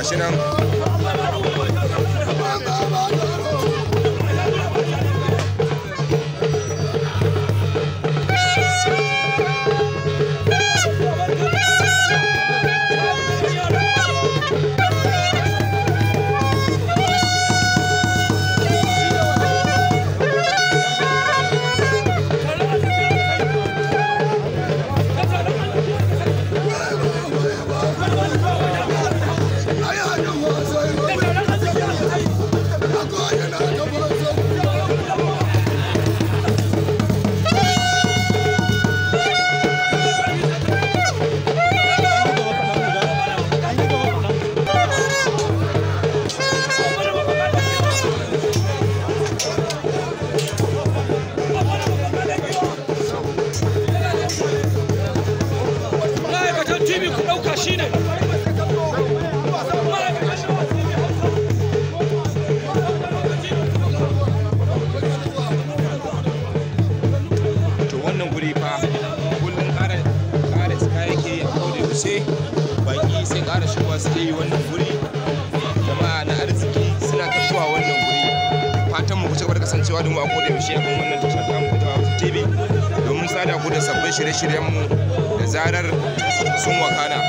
Başlayalım. sosai baki sai kara shigowa suke yi wannan guri jama'a na arziki suna tafiya wannan guri fatan mu barka kasancewa da mu a koda yaushe akan wannan tashar ta mu ta wasu TV domin sada ku da sabbin shirye-shiryen mu da zarar sun wakana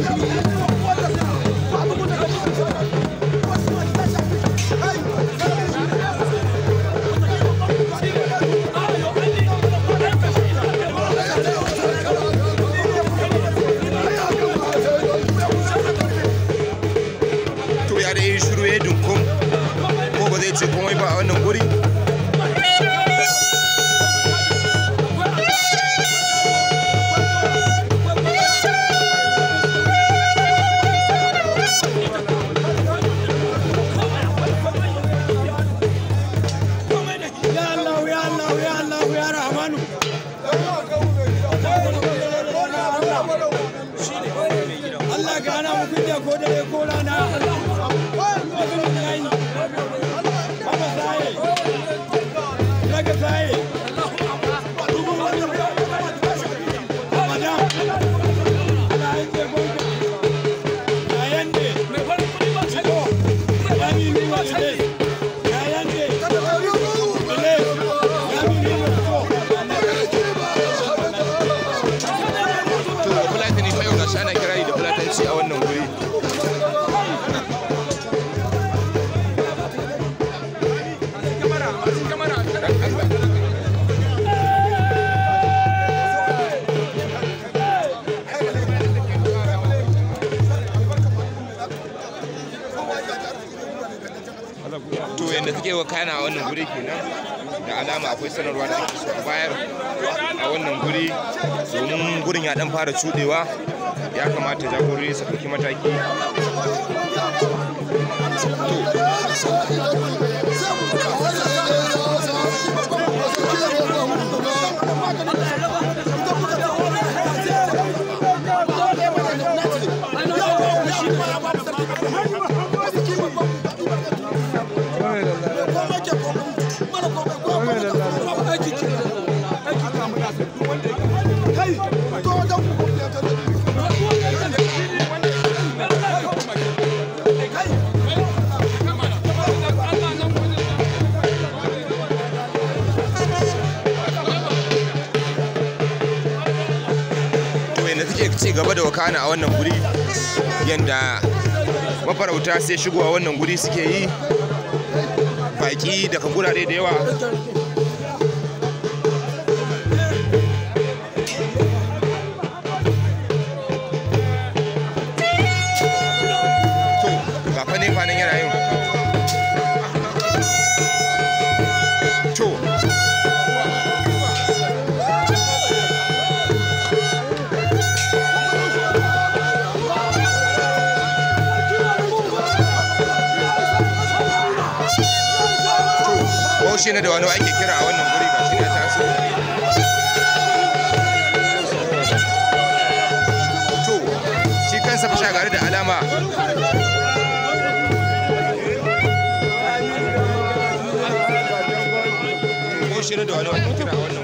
Gracias. gashi ana kirari da fulatanci a wannan guri to yadda take wa kana a wannan guri kenan da alama akwai sanarwa da ake bayar a wannan guri domin gurin ya dan fara cudewa ya kamata jagorori su ɗauki mataki da suke ci gaba da wakana a wannan guri yadda mafarauta sai shigowa wannan guri suke yi baki daga gurare da yawa haushe na da wani ake kira a wannan guri shi ne to shi kansa da alama da wani ake kira a wannan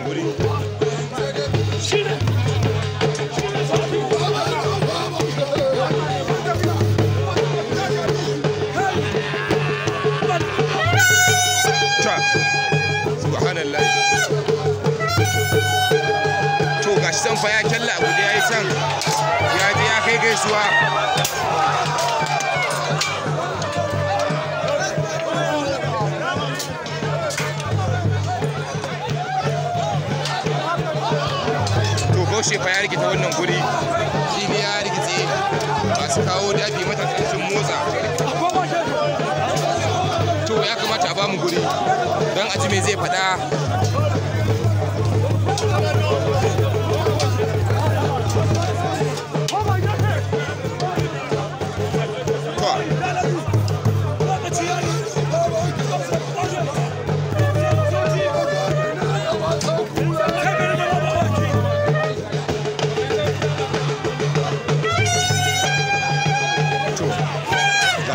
san fa ya kyalla abu da ya yi can ya ji ya kai gaisuwa to baushe fa ya rikita wannan guri shi ne ya rikice masu kawo dafi mata sun motsa to ya kamata a bamu guri don a ji me zai faɗa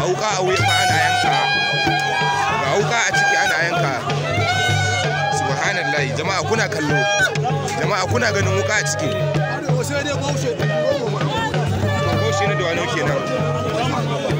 wuka a wuya fa ana yanka ga wuka a ciki ana yanka subhanallahi jama'a kuna kallo jama'a kuna ganin wuka a ciki ne da wani kenan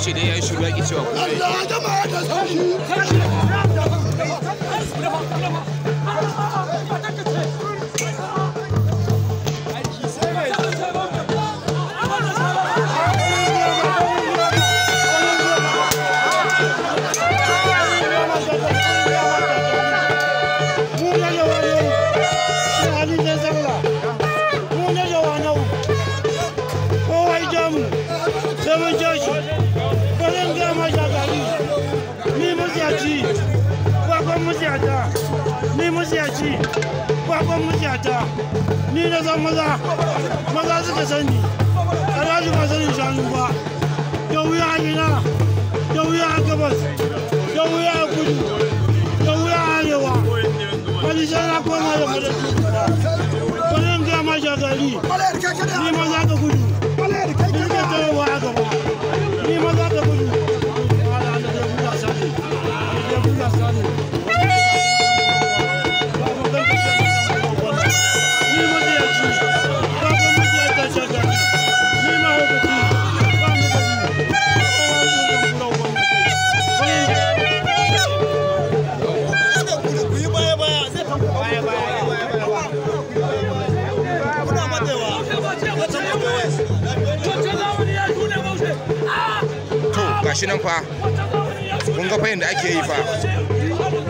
wuce da ya yi shiru ya ki cewa kuma. Allah ya gama da shi babban mijata ni na san maza maza suka sani alhaji masu sanin shanu ba da wuya a ina da wuya a gabas da wuya a kudu da wuya a arewa wani shana kona da madadi wani gama shagari ni maza ka gudu ni ga tawowa a gaba ni maza gashi nan fa kun ga fa yadda ake yi fa